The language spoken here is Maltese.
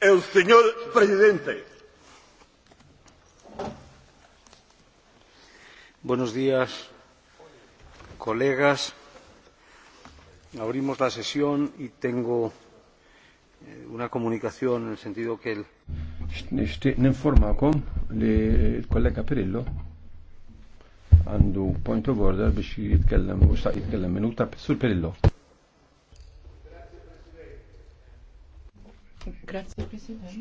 El señor presidente. Buenos días, colegas. Abrimos la sesión y tengo eh, una comunicación en el sentido que el Nishtiq ninformakom li l-kollega Pirillo għandu point of order biex jitkellem u jitkellem minuta sur Perillo. Grazie Presidente.